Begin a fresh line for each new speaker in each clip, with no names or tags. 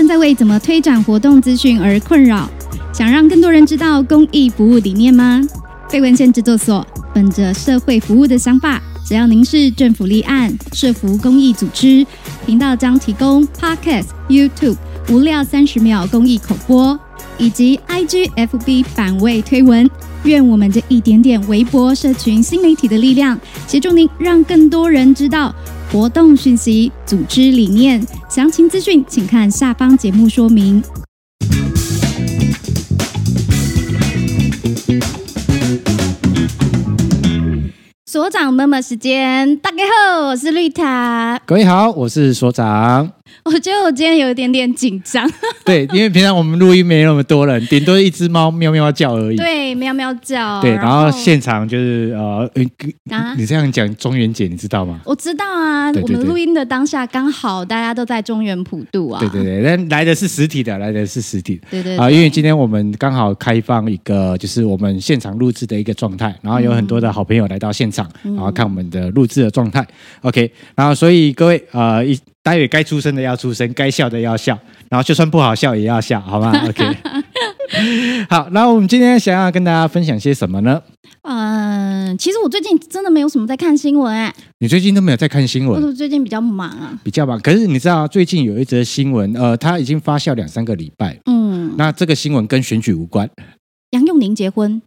正在為怎麼推展活動資訊而困擾，想讓更多人知道公益服務理念嗎？被文獻製作所本着社會服務的想法，只要您是政府立案社服公益組織，頻道將提供 Podcast、YouTube 無料三十秒公益口播以及 IG FB 板位推文。願我們這一點點微薄社群新媒體的力量，協助您讓更多人知道。活動訊息、組織理念、詳情資訊，請看下方節目說明。所長 murmur 時間，大家好，我是瑞塔。
各位好，我是所長。
我覺得我今天有一點點緊張。
對，因為平常我們錄音沒那麼多人，頂多一隻貓喵喵叫，叫而已。
對，喵喵叫。對，然後，然後
現場就是呃、呃啊、你這樣講中元節你知道嗎？
我知道啊，對對對，我們錄音的當下剛好大家都在中元普渡啊。對
對對，但來的是實體的，來的是實體。對對，對對。啊、呃，因為今天我們剛好開放一個就是我們現場錄制的一個狀態，然後有很多的好朋友來到現場，然後看我們的錄制的狀態。嗯、OK，然後所以各位呃。一。待會該出聲的要出聲，該笑的要笑，然後就算不好笑也要笑，好嗎？OK。好，那我們今天想要跟大家分享些什麼呢？嗯，
其實我最近真的沒有什麼在看新聞哎、欸。
你最近都沒有在看新聞？我
最近比較忙啊。
比較忙，可是你知道最近有一則新聞，呃，它已經發酵兩三個禮拜。嗯。那這個新聞跟選舉無關。
楊佑寧結婚。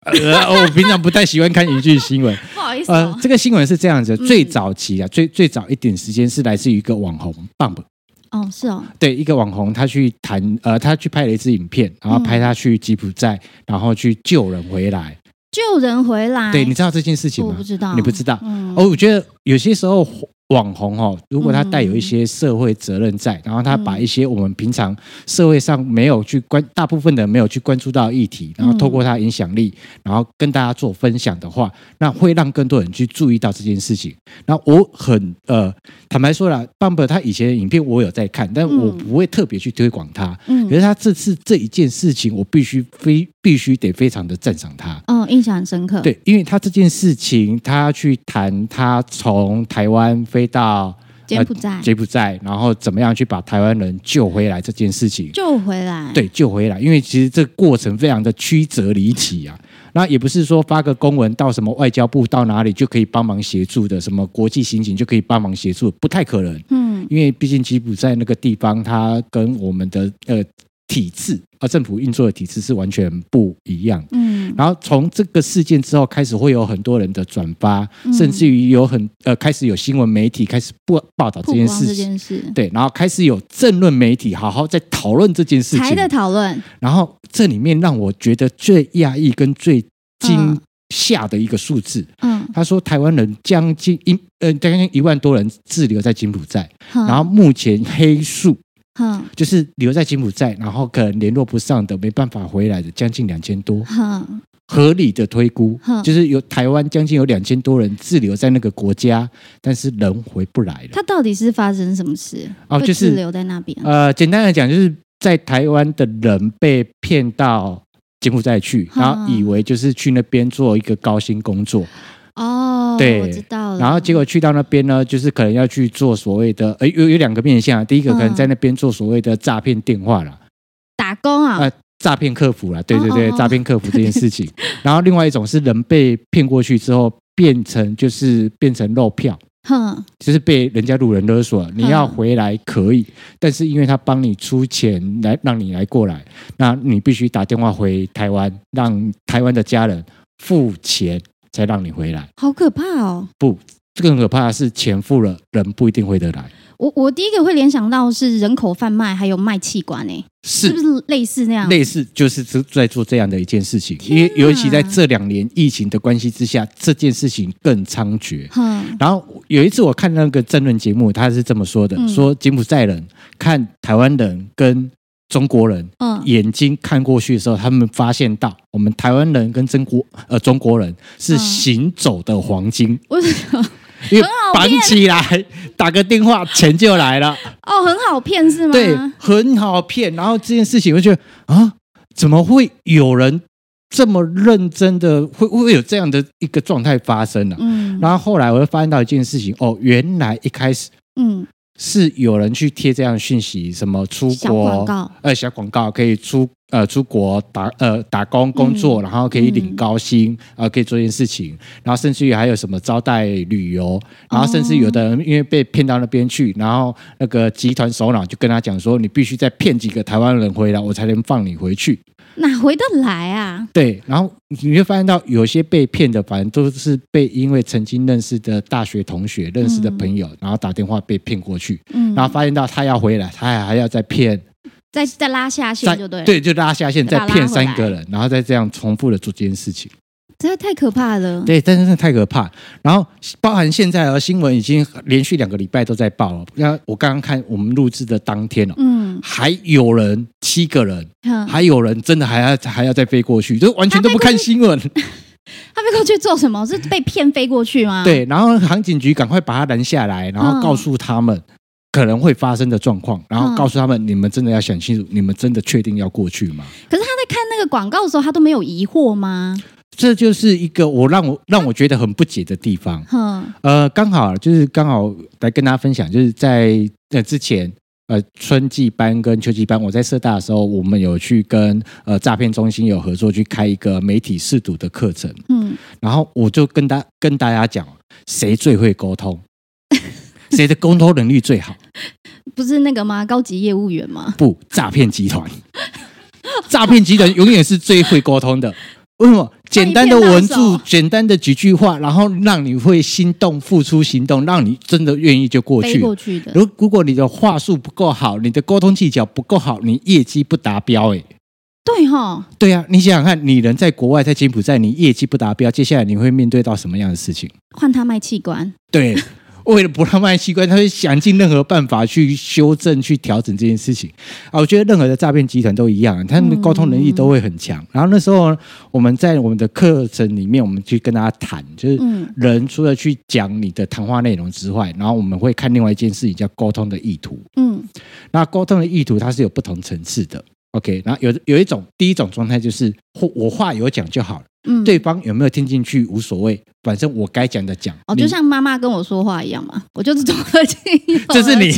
呃，我平常不太喜歡看一句新聞， 不好意思啊，喔呃。這個新聞是這樣子，嗯、最早期啊，最最早一點時間是來自於一個網紅棒棒。哦，是哦。對，一個網紅，他去談，呃，他去拍了一支影片，然後拍他去柬埔寨，嗯，然後去救人回來，
救人回來。對，你知
道這件事情嗎？我不知道，你不知道。嗯，哦，我覺得有些時候。網紅哦，如果他帶有一些社會責任在，嗯、然後他把一些我們平常社會上沒有去關，大部分的人沒有去關注到議題，然後透過他的影響力，然後跟大家做分享的話，那會讓更多人去注意到這件事情。那我很呃坦白說了 Bumper 他以前的影片我有在看，但我不會特別去推廣他。嗯、可是他這次這一件事情，我必須非必須得非常的讚賞他。
嗯、哦，印象很深刻。對，
因為他這件事情，他去談他從台灣飛。飛到柬埔、呃、寨，柬埔寨，然後怎麼樣去把台灣人救回來這件事情？
救回來，對，
救回來，因為其實這過程非常的曲折離奇啊。那也不是說發個公文到什麼外交部到哪裡就可以幫忙協助的，什麼國際刑警就可以幫忙協助，不太可能。嗯，因為畢竟柬埔寨那個地方，他跟我們的呃。體制而、呃、政府運作的體制是完全不一樣。嗯，然後從這個事件之後開始，會有很多人的轉發，嗯、甚至於有很呃開始有新聞媒體開始不報道這件事情。這件事對，然後開始有政論媒體好好在討論這件事情。還在討論。然後這裡面讓我覺得最壓抑跟最驚嚇的一個數字，嗯，他、嗯、說台灣人將近一呃將近一萬多人滯留在柬埔寨，嗯、然後目前黑數。嗯，就是留在柬埔寨，然後可能聯絡不上的，沒辦法回來的，將近兩千多。
嗯，
合理的推估，嗯，就是有台灣將近有兩千多人滯留在那個國家，但是人回不來
了。他到底是發生什麼事？哦，就是滯留在那邊。呃，
簡單來講，就是在台灣的人被騙到柬埔寨去，然後以為就是去那邊做一個高薪工作。
哦。對，哦、然後結
果去到那邊呢，就是可能要去做所謂的，呃，有有兩個面向、啊。第一個可能在那邊做所謂的詐騙電話啦，嗯、打工啊，呃，詐騙客服啦。對對對，哦哦哦詐騙客服這件事情。 對然後另外一種是人被騙過去之後，變成就是變成肉票，
哼、
嗯，就是被人家路人勒索。你要回來可以，嗯、但是因為他幫你出錢來讓你來過來，那你必須打電話回台灣，讓台灣的家人付錢。才讓你回來，
好可怕哦！
不，更可怕的是錢付了，人不一定回得來。
我我第一個會聯想到是人口販賣，還有賣器官呢、欸。是，是不是類似那樣？類
似就是在做這樣的一件事情，哪因為尤其在這兩年疫情的關係之下，這件事情更猖獗。嗯、然後有一次我看那個政論節目，他是這麼說的：說柬埔寨人看台灣人跟。中國人，眼睛看過去的時候，嗯、他們發現到我們台灣人跟中國呃中國人是行走的黃金，很好騙、嗯，綁起來打個電話，錢就來了。哦，很好騙是嗎？對，很好騙。然後這件事情我就覺得啊，怎麼會有人這麼認真的會會有這樣的一個狀態發生呢、啊？嗯、然後後來我又發現到一件事情，哦，原來一開始嗯。是有人去貼這樣訊息，什麼出國呃小廣告、呃、小廣告可以出呃出國打呃打工工作，嗯、然後可以領高薪、嗯、呃，可以做件事情，然後甚至於還有什麼招待旅遊，然後甚至有的人因為被騙到那邊去，然後那個集團首腦就跟他講說，你必須再騙幾個台灣人回來，我才能放你回去。
哪回得來啊？
對，然後你會發現到有些被騙的，反正都是被因為曾經認識的大學同學、嗯、認識的朋友，然後打電話被騙過去，嗯、然後發現到他要回來，他還要再騙，
再再拉下線就對，對，
就拉下線再騙三個人，然後再這樣重複的做這件事情，
真的太可怕了。對，
真的是太可怕。然後包含現在的新聞已經連續兩個禮拜都在報了，那我剛剛看我們錄制的當天哦，嗯，還有人。七個人，呵還有人真的還要還要再飛過去，就完全都不看新聞。
他飛過去做什麼？是被騙飛過去嗎？對，
然後航警局趕快把他攔下來，然後告訴他們可能會發生的狀況，呵然後告訴他們：你們真的要想清楚，呵你們真的確定要過去嗎？
可是他在看那個廣告的時候，他都沒有疑惑嗎？
這就是一個我讓我讓我覺得很不解的地方。嗯呵，呃，剛好就是剛好來跟大家分享，就是在那、呃、之前。呃，春季班跟秋季班，我在社大的時候，我們有去跟呃詐騙中心有合作，去開一個媒體識讀的課程。嗯，然後我就跟大跟大家講，誰最會溝通， 誰的溝通能力最好，
不是那個嗎？高級業務員嗎？
不，詐騙集團， 詐騙集團永遠是最會溝通的。為什麼簡單的文字、簡單的幾句話，然後讓你會心動、付出行動，讓你真的願意就過去？過去的。如果如果你的話術不夠好，你的溝通技巧不夠好，你業績不達標誒，哎、哦，
對哈，
對啊，你想想看，你人在國外，在柬埔寨，你業績不達標，接下來你會面對到什麼樣的事情？
換他賣器官？
對。 為了不讓賣器官，他會想盡任何辦法去修正，去調整這件事情。啊，我覺得任何的詐騙集團都一樣，他們溝通能力都會很強。嗯，然後那時候我們在我們的課程裡面，我們去跟他談，就是人除了去講你的談話內容之外，然後我們會看另外一件事情叫溝通的意圖。嗯，那溝通的意圖它是有不同層次的。OK，然後有有一種第一種狀態就是我話有講就好了。對方有沒有聽進去無所謂，反正我該講的講。哦，就像
媽媽跟我說話一樣嘛，我就是多聽。這是你，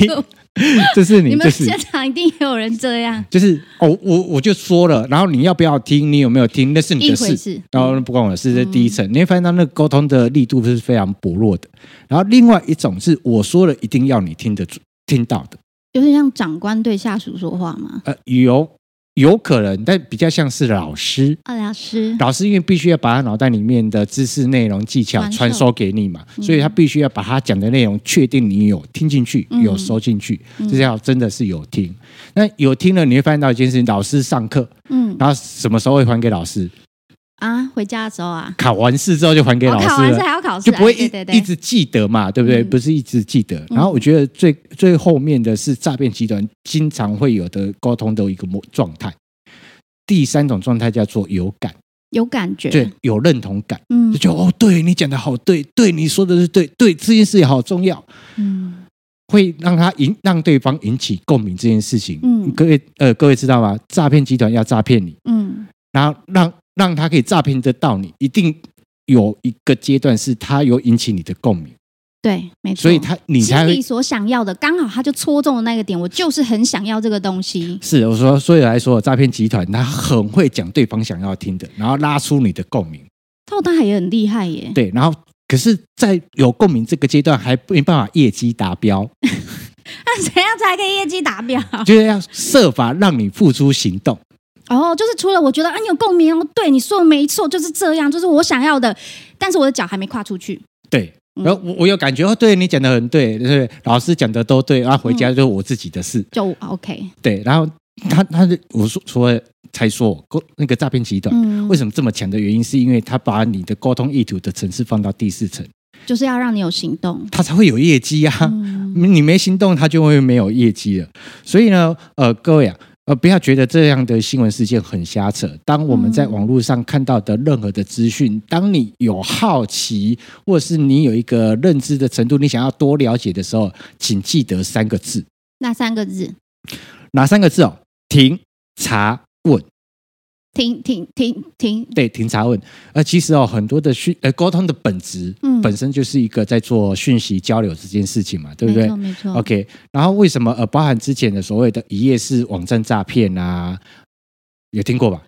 這是你。你們現場一定有人這樣。
就是哦，我我就說了，然後你要不要聽？你有沒有聽？那是你的事。然後不關我的事。這第一層，你會發現他那個溝通的力度是非常薄弱的。然後另外一種是，我說了，一定要你聽得住聽到的。
有點像長官對下屬說話
嗎？呃，有。有可能，但比較像是老師。
啊、老師，老
師因為必須要把他腦袋裡面的知識、內容、技巧傳授給你嘛，嗯、所以他必須要把他講的內容確定你有聽進去、有收進去，嗯、這叫真的是有聽。嗯、那有聽了，你會發現到一件事情：老師上課，嗯，然後什麼時候會還給老師？嗯嗯啊，回家的時候啊，考完試之後就還給老師。考完試還要
考試，就不會一直
記得嘛，對不對？不是一直記得。然後我覺得最最後面的是詐騙集團經常會有的溝通的一個狀態。第三種狀態叫做有感，有感覺，對，有認同感。嗯，就哦，對，你講得好，對對，你說的是對，對，這件事也好重要。嗯，會讓他引讓對方引起共鳴這件事情。嗯，各位呃，各位知道嗎？詐騙集團要詐騙你。嗯，然後讓。讓他可以詐騙得到你，一定有一個階段是他有引起你的共鳴，
對，沒錯。所以他
你才會所
想要的，剛好他就戳中了那個點，我就是很想要這個東西。
是，我說，所以來說，詐騙集團他很會講對方想要聽的，然後拉出你的共鳴。
臭大海也很厲害耶。
對，然後可是，在有共鳴這個階段，還沒辦法業績達標。
那 怎樣才可以業績達標？就是要
設法讓你付出行動。
然後、哦、就是除了我覺得啊，你有共鳴哦，對你說的沒錯，就是這樣，就是我想要的，但是我的腳還沒跨出去。
對，然後、嗯、我我有感覺哦，對你講的很對，對，對，老師講的都對，然、啊、回家就是我自己的事，嗯、
就 OK。
對，然後他他是我說除了才說那個詐騙集團、嗯、為什麼這麼強的原因，是因為他把你的溝通意圖的層次放到第四層，
就是要讓你有行動，
他才會有業績呀、啊。嗯、你沒行動，他就會沒有業績了。所以呢，呃，各位啊。呃，不要覺得這樣的新聞事件很瞎扯。當我們在網絡上看到的任何的資訊，嗯。當你有好奇，或是你有一個認知的程度，你想要多了解的時候，請記得三個字。
哪三個字？
哪三個字哦？停、查、問。
停停停停，停
停停，對，停查問、呃。其實哦，很多的訊呃溝通的本質，嗯，本身就是一個在做訊息交流這件事情嘛，對不對？沒錯，沒錯。OK，然後為什麼呃，包含之前的所謂的一頁式網站詐騙啊，有聽過吧？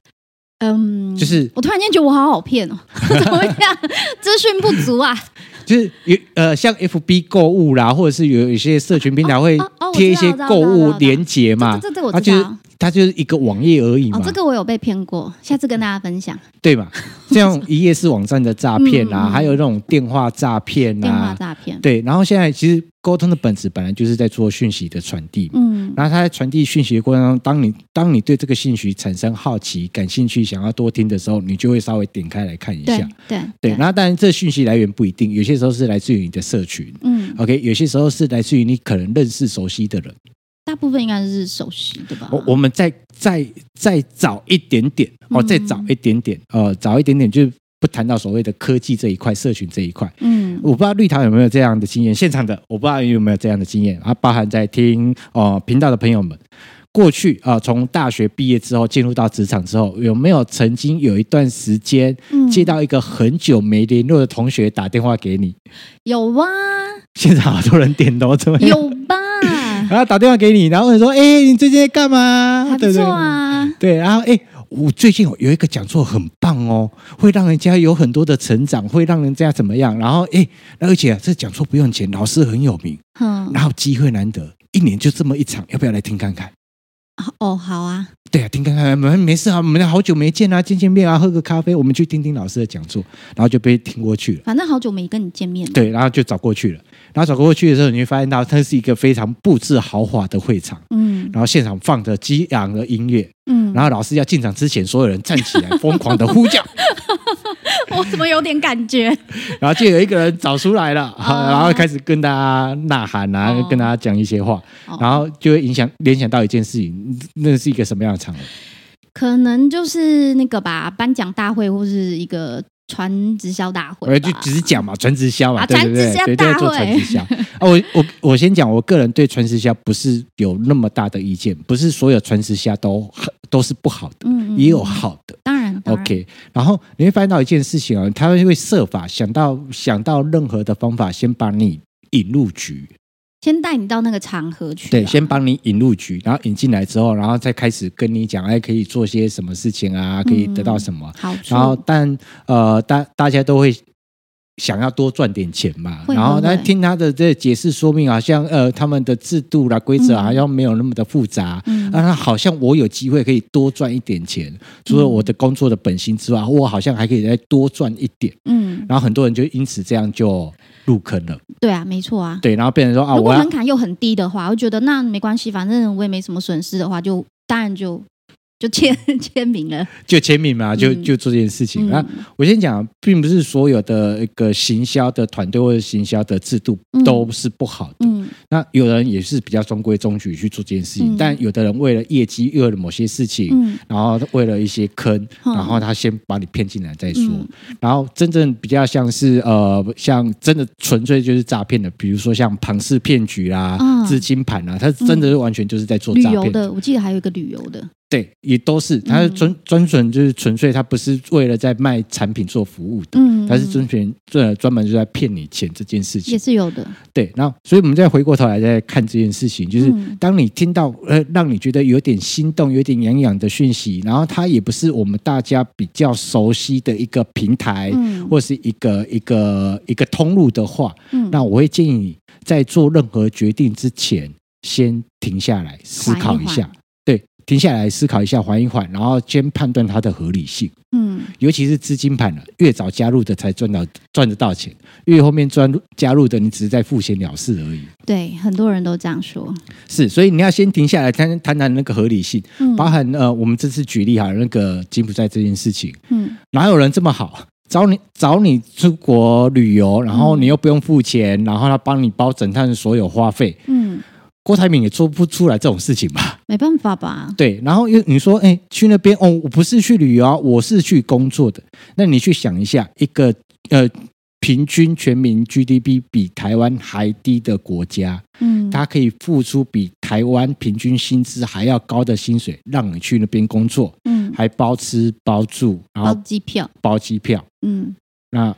嗯，
就是我突然間覺得我好好騙哦，怎麼樣？資訊不足啊？就
是有呃，像 FB 購物啦，或者是有一些社群平台會貼一些購物連結、哦哦、嘛？他、啊、就是它就是一個網頁而已嘛、哦。這
個我有被騙過，下次跟大家分享。
對嘛？這樣一頁式網站的詐騙啊，嗯、還有那種電話詐騙啊。電話詐騙。對，然後現在其實溝通的本質本來就是在做訊息的傳遞。嗯。然後他在傳遞訊息的過程當中，當你當你對這個訊息產生好奇、感興趣、想要多聽的時候，你就會稍微點開來看一下。對。對。那當然，這訊息來源不一定，有些時候是來自於你的社群。嗯。OK，有些時候是來自於你可能認識熟悉的人。
大部分應該是熟悉的吧。我我
們再再再早一點點、嗯、哦，再早一點點，呃，早一點點就是，不談到所謂的科技這一塊、社群這一塊。嗯，我不知道瑞塔有沒有這樣的經驗，現場的我不知道你有沒有這樣的經驗啊，包含在聽哦、呃、頻道的朋友們，過去啊、呃，從大學畢業之後進入到職場之後，有沒有曾經有一段時間、嗯、接到一個很久沒聯絡的同學打電話給你？
有啊吧，
現場好多人點頭怎麼樣，有吧？然後打電話給你，然後問說：“哎、欸，你最近在幹嘛？”他在做啊對對，對。然後哎、欸，我最近有一個講座很棒哦，會讓人家有很多的成長，會讓人家怎麼樣？然後哎、欸，而且、啊、這講座不用錢，老師很有名，嗯、然後機會難得，一年就這麼一場，要不要來聽看看？
哦，好啊。
對啊，聽看看，沒沒事啊，我們好久沒見啊，見見面啊，喝個咖啡，我們去聽聽老師的講座，然後就被聽過去了。
反正好久沒跟你見面，對，
然後就找過去了。然後走過去的時候，你會發現到它是一個非常布置豪華的會場。嗯，然後現場放着激昂的音樂。嗯，然後老師要進場之前，所有人站起來，瘋狂的呼叫。
我怎麼有點感覺？
然後就有一個人找出來了，嗯、然後開始跟大家吶喊、啊，然、嗯、跟大家講一些話，嗯、然後就會影響聯想到一件事情，那是一個什麼樣的場合？
可能就是那個吧，頒獎大會或是一個。傳直銷大會，
就只是講嘛，傳直銷嘛，啊、對對對，絕對，對，對做傳直銷。哦、啊，我我我先講，我個人對傳直銷不是有那麼大的意見，不是所有傳直銷都很都是不好的，嗯嗯也有好的，當
然，當然，OK。
然後你會發現到一件事情啊、哦，他會設法想到想到任何的方法，先把你引入局。
先帶你到那個場合去。
對，先幫你引入局，然後引進來之後，然後再開始跟你講，哎，可以做些什麼事情啊？嗯、可以得到什麼？好
出。然後，
但呃，大大家都會想要多賺點錢嘛。會不會？然後來聽他的這解釋說明，好像呃，他們的制度啦、規則啊，好像沒有那麼的複雜。嗯。那好像我有機會可以多賺一點錢，嗯、除了我的工作的本薪之外，我好像還可以再多賺一點。嗯。
然後
很多人就因此這樣就。入坑了，
對啊，沒錯啊，對，
然後變成說啊，如果門
檻又很低的話，我覺得那沒關係，反正我也沒什麼損失的話，就當然就。就簽簽名
了，就簽名嘛，就、嗯、就做這件事情。那我先講，並不是所有的一個行銷的團隊或者行銷的制度都是不好的。嗯嗯、那有人也是比較中規中矩去做這件事情，嗯、但有的人為了業績，為了某些事情，嗯、然後為了一些坑，然後他先把你騙進來再說。嗯嗯、然後真正比較像是呃，像真的純粹就是詐騙的，比如說像龐氏騙局啦、啊、資、啊、金盤啦、啊，他真的是完全就是在做詐騙、呃嗯、旅遊的。
我記得還有一個旅
遊的。對，也都是，他是專專純、嗯、就是純粹，他不是為了在賣產品做服務的，他、嗯、是專純專、嗯、專門就在騙你錢這件事情也是有的。對，然後所以我們再回過頭來再來看這件事情，就是、嗯、當你聽到呃讓你覺得有點心動、有點癢癢的訊息，然後它也不是我們大家比較熟悉的一個平台、嗯、或是一個一個一個通路的話，嗯、那我會建議你在做任何決定之前，先停下來思考一下。滑一滑停下來思考一下，緩一緩，然後先判斷它的合理性。嗯，尤其是資金盤的，越早加入的才賺到賺得到錢，越後面賺加入的，你只是在付錢了事而已。
對，很多人都這樣說。
是，所以你要先停下來，先談談那個合理性，嗯、包含呃，我們這次舉例哈，那個金不在柬埔寨這件事情。嗯，哪有人這麼好，找你找你出國旅遊，然後你又不用付錢，嗯、然後他幫你包整趟所有花費。嗯。郭台銘也做不出來這種事情吧？
沒辦法吧？
對，然後又你說，哎、欸，去那邊哦，我不是去旅遊，啊，我是去工作的。那你去想一下，一個呃，平均全民 GDP 比台灣還低的國家，嗯，它可以付出比台灣平均薪資還要高的薪水，讓你去那邊工作，嗯，還包吃包住，然後包機票，包機票，嗯，那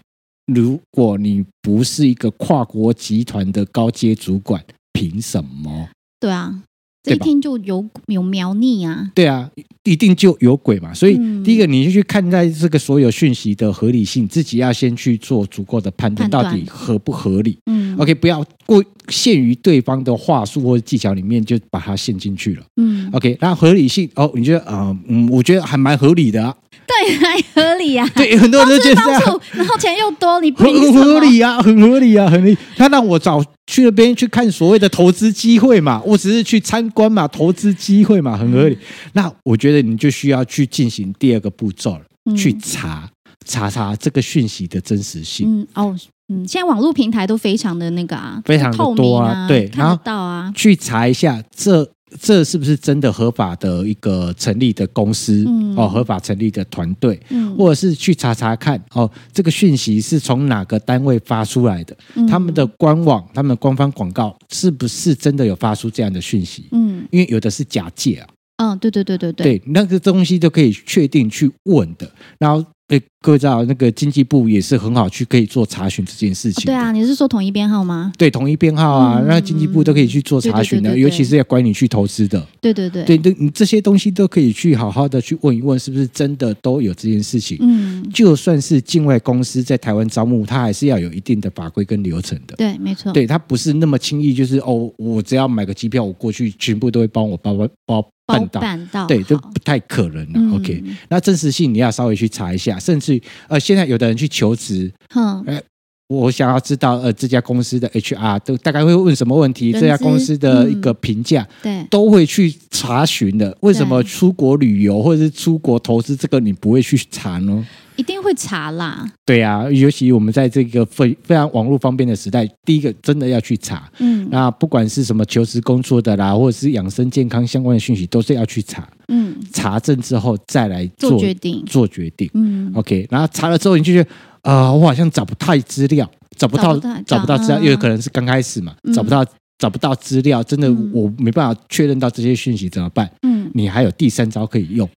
如果你不是一個跨國集團的高階主管。憑什麼？對啊，對吧這一聽
就有有貓膩啊！
對啊，一定就有鬼嘛！所以、嗯、第一個，你就去看待這個所有訊息的合理性，自己要先去做足夠的判斷，判斷到底合不合理？嗯，OK，不要過限於對方的話術或者技巧裡面，就把它陷進去了。嗯，OK，那合理性哦，你覺得啊，嗯，我覺得還蠻合理的、啊。對，
還合理啊。 對，很多人都這樣。然後錢又多，你不合理啊，
很合理啊，很理。他讓我找。去了那邊去看所謂的投資機會嘛，我只是去參觀嘛，投資機會嘛，很合理。嗯、那我覺得你就需要去進行第二個步驟、嗯、去查查查這個訊息的真實性。嗯
哦，嗯，現在網絡平台都非常的那個啊，非常多啊，啊對，看得到啊，
去查一下這。這是不是真的合法的一個成立的公司，嗯、哦？合法成立的團隊，嗯、或者是去查查看哦，這個訊息是從哪個單位發出來的？嗯、他們的官網、他們的官方廣告是不是真的有發出這樣的訊息？嗯，因為有的是假借啊。嗯、哦，
對對對對對。對，
那個東西都可以確定去問的。然後。對，各位知道那個經濟部也是很好去可以做查詢這件事情哦。對
啊，你是說統一編號嗎？
對，統一編號啊，嗯，那經濟部都可以去做查詢的，尤其是要管你去投資的。對，
對對對，
對對，你這些東西都可以去好好的去問一問，是不是真的都有這件事情？嗯，就算是境外公司在台灣招募，他還是要有一定的法規跟流程
的。對，沒錯，對，
他不是那麼輕易，就是哦，我只要買個機票，我過去全部都會幫我包包包。辦到，辦到對，好就不太可能了。嗯、OK，那真實性你要稍微去查一下，甚至呃，現在有的人去求職，嗯哼、呃，我想要知道呃這家公司的 HR 都大概會問什麼問題，知這家公司的一個評價，嗯、都會去查詢的。對為什麼出國旅遊或者是出國投資，這個你不會去查呢？一定會查啦。對呀、啊，尤其我們在這個非非常網絡方便的時代，第一個真的要去查。嗯，那不管是什麼求職工作的啦，或者是養生健康相關的訊息，都是要去查。嗯，查證之後再來做決定，做決定，決定。嗯，OK。然後查了之後，你就覺得啊、呃，我好像找不太資料，找不到，找不，找，啊、找不到資料，因為可能是剛開始嘛，嗯、找不到，找不到資料，真的我沒辦法確認到這些訊息怎麼辦？嗯，你還有第三招可以用。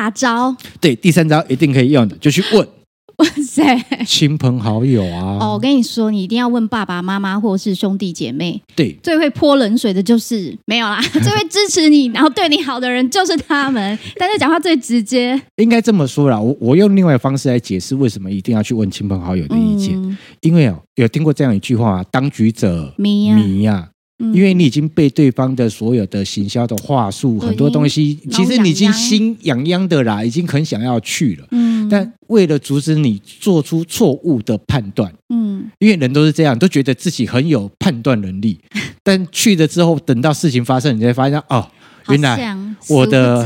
大招，對，第三招一定可以用的，就去問。
哇塞，
親朋好友啊！哦，我
跟你說，你一定要問爸爸媽媽或是兄弟姐妹。對，最會潑冷水的就是沒有啦，最會支持你 然後對你好的人就是他們。但是講話最直接，
應該這麼說啦。我我用另外一方式來解釋，為什麼一定要去問親朋好友的意見，嗯、因為哦，有聽過這樣一句話、啊：當局者迷呀。亞因為你已經被對方的所有的行銷的話術、很多東西，其實你已經心癢癢的啦，已經很想要去了。但為了阻止你做出錯誤的判斷，因為人都是這樣，都覺得自己很有判斷能力，但去了之後，等到事情發生，你才發現哦，原來我的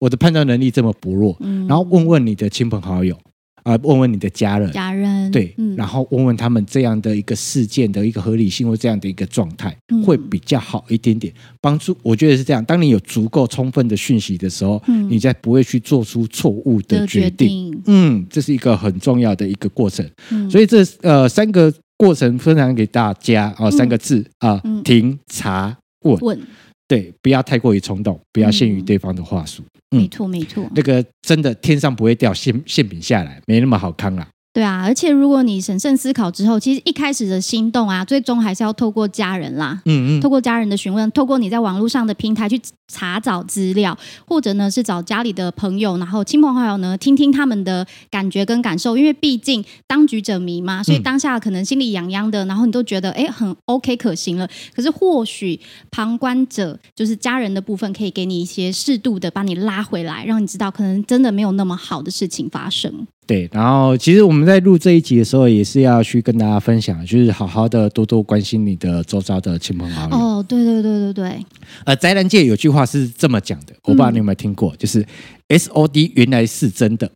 我的判斷能力這麼薄弱。然後問問你的親朋好友。啊，問問你的家人，家
人對，然後
問問他們這樣的一個事件的一個合理性或這樣的一個狀態會比較好一點點，幫助我覺得是這樣。當你有足夠充分的訊息的時候，你才不會去做出錯誤的決定。嗯，這是一個很重要的一個過程。所以這呃三個過程分享給大家啊，三個字啊：停、查、問。對，不要太過於衝動，不要陷於對方的話術。嗯、
沒錯，沒
錯，那個真的天上不會掉餡餡餅下來，沒那麼好康啊。
對啊，而且如果你審慎思考之後，其實一開始的心動啊，最終還是要透過家人啦，嗯嗯，透過家人的詢問，透過你在網絡上的平台去查找資料，或者呢是找家裡的朋友，然後親朋好友呢聽聽他們的感覺跟感受，因為畢竟當局者迷嘛，所以當下可能心裡癢癢的，然後你都覺得哎、欸、很 OK 可行了，可是或許旁觀者就是家人的部分，可以給你一些適度的把你拉回來，讓你知道可能真的沒有那麼好的事情發生。
對，然後其實我們在錄這一集的時候，也是要去跟大家分享，就是好好的多多關心你的周遭的親朋好
友。哦，對對對對對。
呃，宅男界有句話是這麼講的，我不知道你有沒有聽過，嗯、就是 S O D 原來是真的。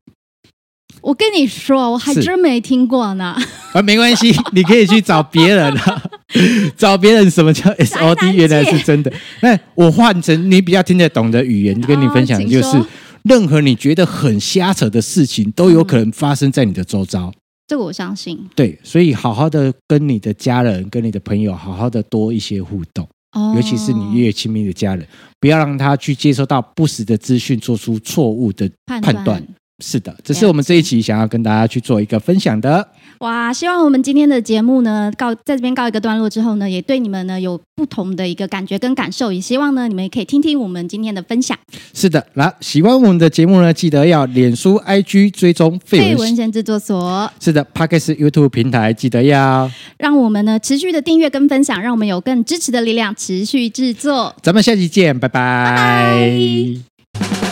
我跟你說，我還真沒聽過呢。啊、
呃，沒關係，你可以去找別人、啊、 找別人什麼叫 S O D 原來是真的。那我換成你比較聽得懂的語言、哦、跟你分享，就是。任何你覺得很瞎扯的事情，都有可能發生在你的周遭。嗯，
這個我相信。
對，所以好好的跟你的家人、跟你的朋友好好的多一些互動，哦，尤其是你越親密的家人，不要讓他去接收到不實的資訊，做出錯誤的判斷。判斷是的，這是我們這一期想要跟大家去做一個分享的。
哇，希望我們今天的節目呢，告在這邊告一個段落之後呢，也對你們呢有不同的一個感覺跟感受，也希望呢你們也可以聽聽我們今天的分享。
是的，來喜歡我們的節目呢，記得要臉書、IG 追蹤費文
賢製作所。
是的，Podcast YouTube 平台記得要
讓我們呢持續的訂閱跟分享，讓我們有更支持的力量持續製作。
咱們下期見，拜拜。拜拜。